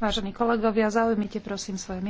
Vážení kolegovia, zaujmite prosím svoje miesta.